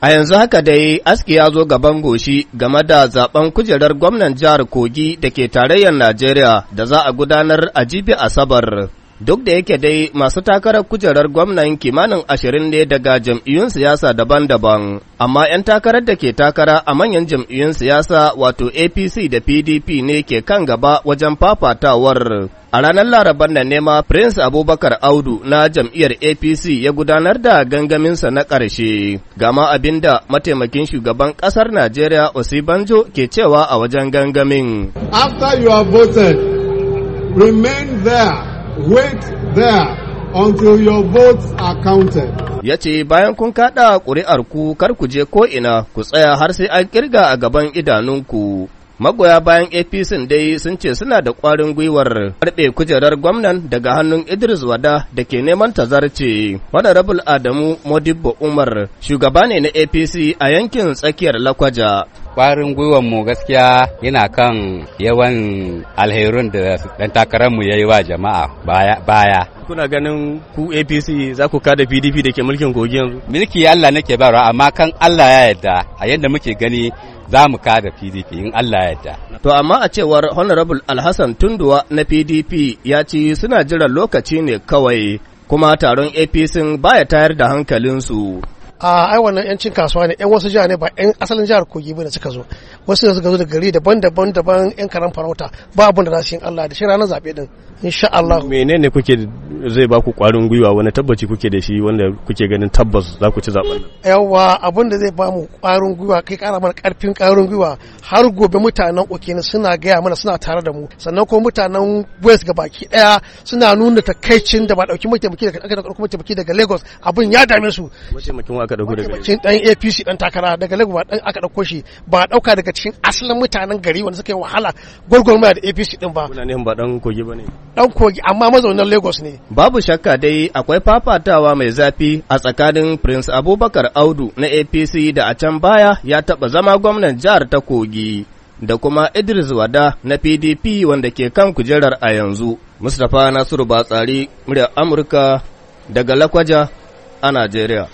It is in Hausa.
A yanzu haka dai aski ya zo gaban goshi game da zaben kujerar gwamnan jihar Kogi da ke tarayyar Najeriya da za a gudanar a jibi Asabar. Duk da yake dai masu takarar kujerar gwamnan kimanin ashirin ne daga jam'iyyun siyasa daban-daban, amma 'yan takarar da ke takara a manyan jam'iyyun siyasa wato APC da PDP ne ke kan gaba wajen fafatawar. A ranar Laraban nan nema Prince Abubakar Audu na jam'iyyar APC ya gudanar da gangaminsa na ƙarshe, gama abin da mataimakin shugaban ƙasar Najeriya Osibanjo ke cewa a wajen gangamin. After you have voted, remain there wait there until your votes are counted. Ya ce bayan kun kaɗa ƙuri'ar ku kar ku je ko'ina ku tsaya har sai an ƙirga a gaban idanunku. Magoya bayan APC dai sun ce suna da ƙwarin gwiwar karɓe kujerar gwamnan daga hannun Idris Wada da ke neman tazarce. rabul Adamu Modibo Umar shugaba ne na APC a yankin tsakiyar Lakwaja kwarin gwiwan mu gaskiya yana kan yawan alherun da dan takarar mu yayi wa jama'a baya baya kuna ganin ku APC za ku kada PDP da ke mulkin kogi yanzu mulki Allah nake ra amma kan Allah ya yarda a yadda muke gani za mu kada PDP in Allah ya yarda. To amma a cewar Honorable Alhassan Tunduwa na PDP ya ci suna jiran lokaci ne kawai kuma taron APC baya tayar da hankalinsu. a ai wannan yancin kasuwa ne yan wasu jiha ne ba yan asalin jihar kogi ba da suka zo wasu da suka zo da gari daban-daban daban yan karan farauta ba abin da rashin Allah da shi ranar zaɓe din insha Allah menene kuke zai ba ku ƙwarin gwiwa wani tabbaci kuke da shi wanda kuke ganin tabbas za ku ci zaɓen yawa abin da zai ba mu ƙwarin gwiwa kai ƙara mana ƙarfin ƙwarin gwiwa har gobe mutanen okina suna gaya mana suna tare da mu sannan kuma mutanen west ga baki ɗaya suna nuna takaicin da ba ɗauki mataimaki daga ɗauki mataimaki daga lagos abin ya dame su aka dauko daga cikin dan APC dan takara daga Lagos dan aka dauko shi ba dauka daga cikin asalin mutanen gari wanda suka yi wahala gwagwarmaya da APC din ba ne ba dan kogi bane dan kogi amma mazaunan Lagos ne babu shakka dai akwai fafatawa mai zafi a tsakanin Prince Abubakar Audu na APC da a can baya ya taba zama gwamnan jihar ta Kogi da kuma Idris Wada na PDP wanda ke kan kujerar a yanzu Mustapha Nasiru Batsari muryar Amurka daga Lakwaja a Najeriya